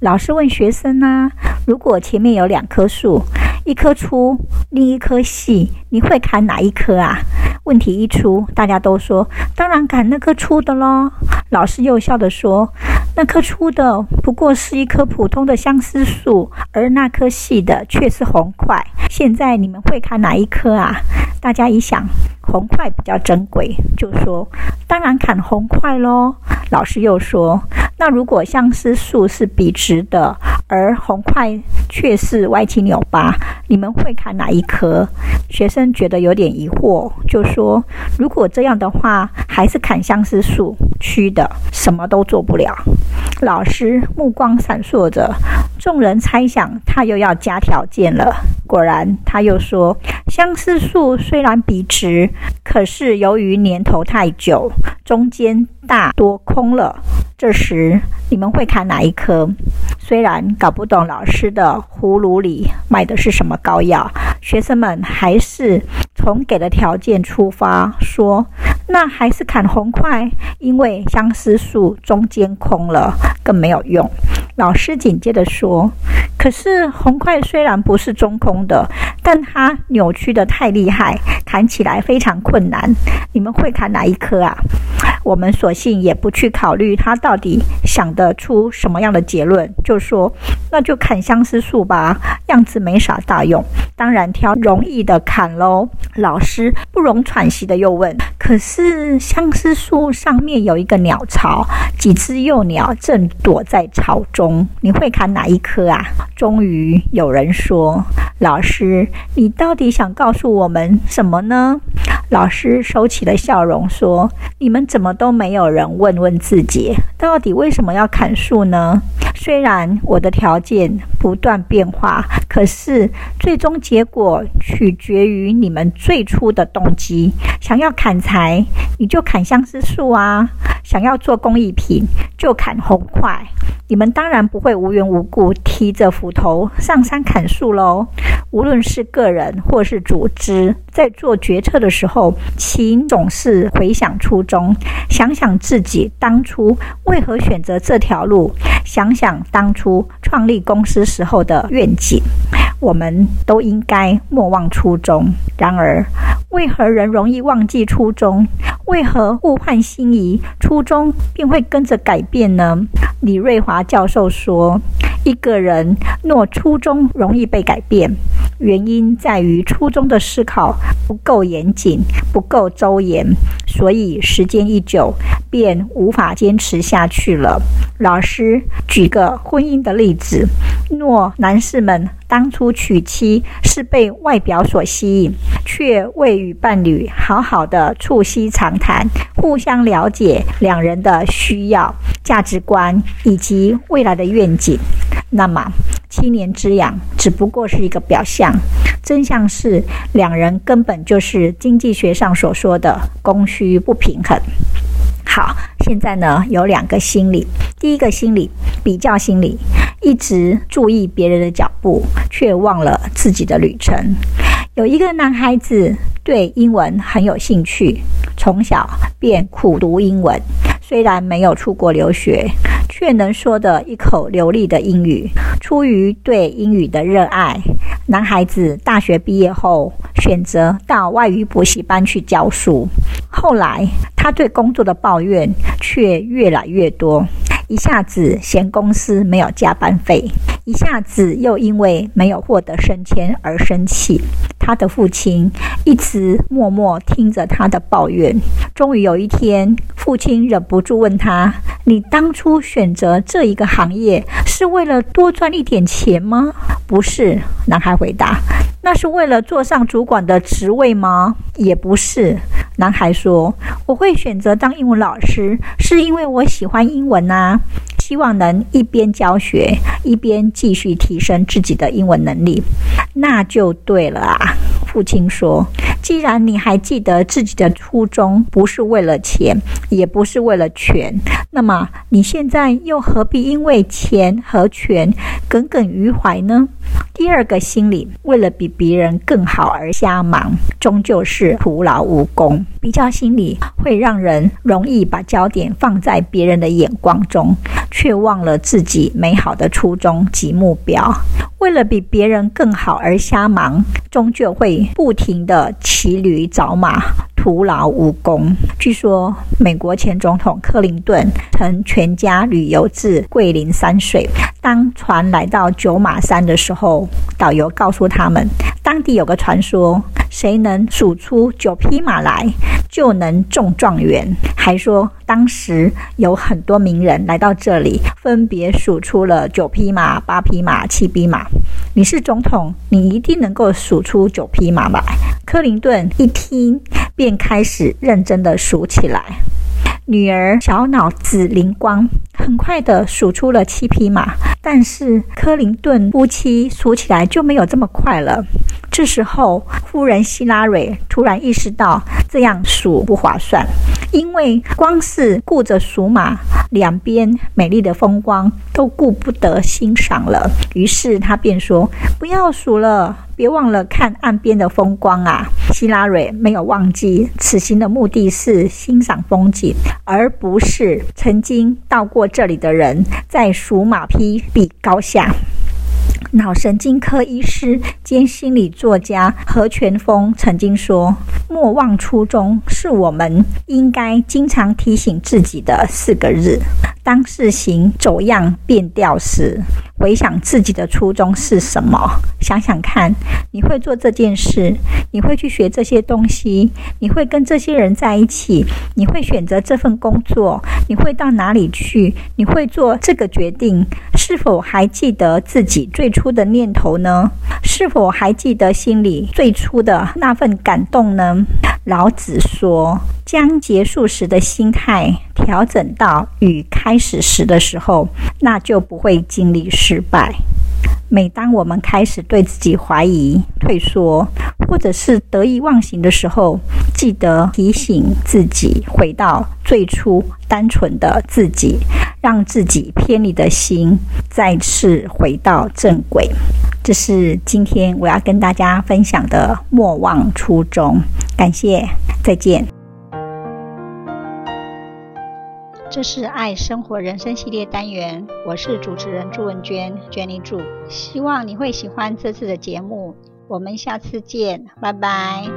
老師問學生吶：“如果前面有兩棵樹，一棵粗，另一棵細，你會砍哪一棵啊？”問題一出，大家都說：“當然砍那棵粗的嘍。”老師又笑着說。那棵粗的不過是一棵普通的相思樹，而那棵細的卻是紅檜，現在你們會砍哪一棵啊？大家一想，紅檜比較珍貴，就說：“當然砍紅檜嘍。”老師又說：“那如果相思樹是筆直的，而紅檜卻是歪七扭八，你們會砍哪一棵？”學生覺得有點疑惑，就說：“如果這樣的話，還是砍相思樹。”曲的什麼都做不了。老師目光閃爍着，眾人猜想他又要加條件了。果然，他又說：“相思樹雖然筆直，可是由於年頭太久，中間大多空了。這時你們會砍哪一棵？”雖然搞不懂老師的葫蘆裡賣的是什麼膏藥，學生們還是從給的條件出發說。那還是砍紅檜，因為相思樹中間空了，更沒有用。老師緊接着說：“可是紅檜雖然不是中空的，但它扭曲得太厲害，砍起來非常困難。你們會砍哪一棵啊？”我們索性也不去考慮他到底想得出什麼樣的結論，就說：“那就砍相思樹吧，樣子沒啥大用，當然挑容易的砍嘍。”老師不容喘息地又問。可是相思樹上面有一個鳥巢，幾隻幼鳥正躲在巢中。你會砍哪一棵啊？終於有人說：“老師，你到底想告訴我們什麼呢？”老師收起了笑容，說：“你們怎麼都沒有人問問自己。”到底為什麼要砍樹呢？雖然我的條件不斷變化，可是最終結果取決於你們最初的動機。想要砍柴，你就砍相思樹啊；想要做工藝品，就砍紅檜。你們當然不會無緣無故提着斧頭上山砍樹嘍。無論是個人或是組織，在做決策的時候，請總是回想初衷，想想自己當初為何選擇這條路，想想當初創立公司時候的願景。我們都應該莫忘初衷。然而，為何人容易忘記初衷？為何物換星移，初衷便會跟着改變呢？李瑞華教授說：“一個人若初衷容易被改變。”原因在於初衷的思考不夠嚴謹、不夠周延，所以時間一久便無法堅持下去了。老師舉個婚姻的例子：若男士們當初娶妻是被外表所吸引，卻未與伴侶好好的促膝長談，互相了解兩人的需要、價值觀以及未來的願景，那麼。七年之癢只不過是一個表象，真相是兩人根本就是經濟學上所說的供需不平衡。好，現在呢有兩個心理，第一個心理比較心理，一直注意別人的腳步，卻忘了自己的旅程。有一個男孩子對英文很有興趣，從小便苦讀英文。雖然沒有出國留學，却能說得一口流利的英語。出於對英語的熱愛，男孩子大學畢業後選擇到外語補習班去教書。後來，他對工作的抱怨却越來越多，一下子嫌公司沒有加班費。一下子又因為沒有獲得升遷而生氣，他的父親一直默默聽着他的抱怨。終於有一天，父親忍不住問他：“你當初選擇這一個行業是為了多賺一點錢嗎？”“不是。”男孩回答。“那是為了坐上主管的職位嗎？”“也不是。”男孩說：“我會選擇當英文老師，是因為我喜歡英文啊。”希望能一邊教學，一邊繼續提升自己的英文能力，那就對了啊！父親說：“既然你還記得自己的初衷不是為了錢，也不是為了權，那麼你現在又何必因為錢和權耿耿於懷呢？”第二個心理，為了比別人更好而瞎忙，終究是徒勞無功。比較心理會讓人容易把焦點放在別人的眼光中，卻忘了自己美好的初衷及目標。為了比別人更好而瞎忙，終究會不停地騎驢找馬，徒勞無功。據說，美國前總統柯林頓曾全家旅遊至桂林山水。當船來到九馬山的時候，導遊告訴他們，當地有個傳說，誰能數出九匹馬來，就能中狀元。還說當時有很多名人來到這裡，分別數出了九匹馬、八匹馬、七匹馬。你是總統，你一定能夠數出九匹馬吧？柯林頓一聽，便開始認真地數起來。女兒小腦子靈光，很快的數出了七匹馬，但是柯林頓夫妻數起來就沒有這麼快了。這時候，夫人希拉蕊突然意識到，這樣數不划算。因為光是顧着數馬，兩邊美麗的風光都顧不得欣賞了。於是他便說：“不要數了，別忘了看岸邊的風光啊！”希拉蕊沒有忘記，此行的目的是欣賞風景，而不是曾經到過這裡的人在數馬匹比高下。腦神經科醫師兼心理作家何權峰曾經說：“莫忘初衷，是我們應該經常提醒自己的四個字。當事情走樣變調時，”回想自己的初衷是什麼？想想看，你會做這件事，你會去學這些東西，你會跟這些人在一起，你會選擇這份工作，你會到哪裡去，你會做這個決定？是否還記得自己最初的念頭呢？是否還記得心裡最初的那份感動呢？老子說：“將結束時的心態調整到與開始時的時候，那就不會經歷失敗。”每當我們開始對自己懷疑、退縮，或者是得意忘形的時候，記得提醒自己回到最初單純的自己，讓自己偏離的心再次回到正軌。這是今天我要跟大家分享的“莫忘初衷”。感謝，再見。這是愛生活人生系列單元，我是主持人朱文娟，娟妮祝。希望你會喜歡這次的節目。我們下次見，拜拜。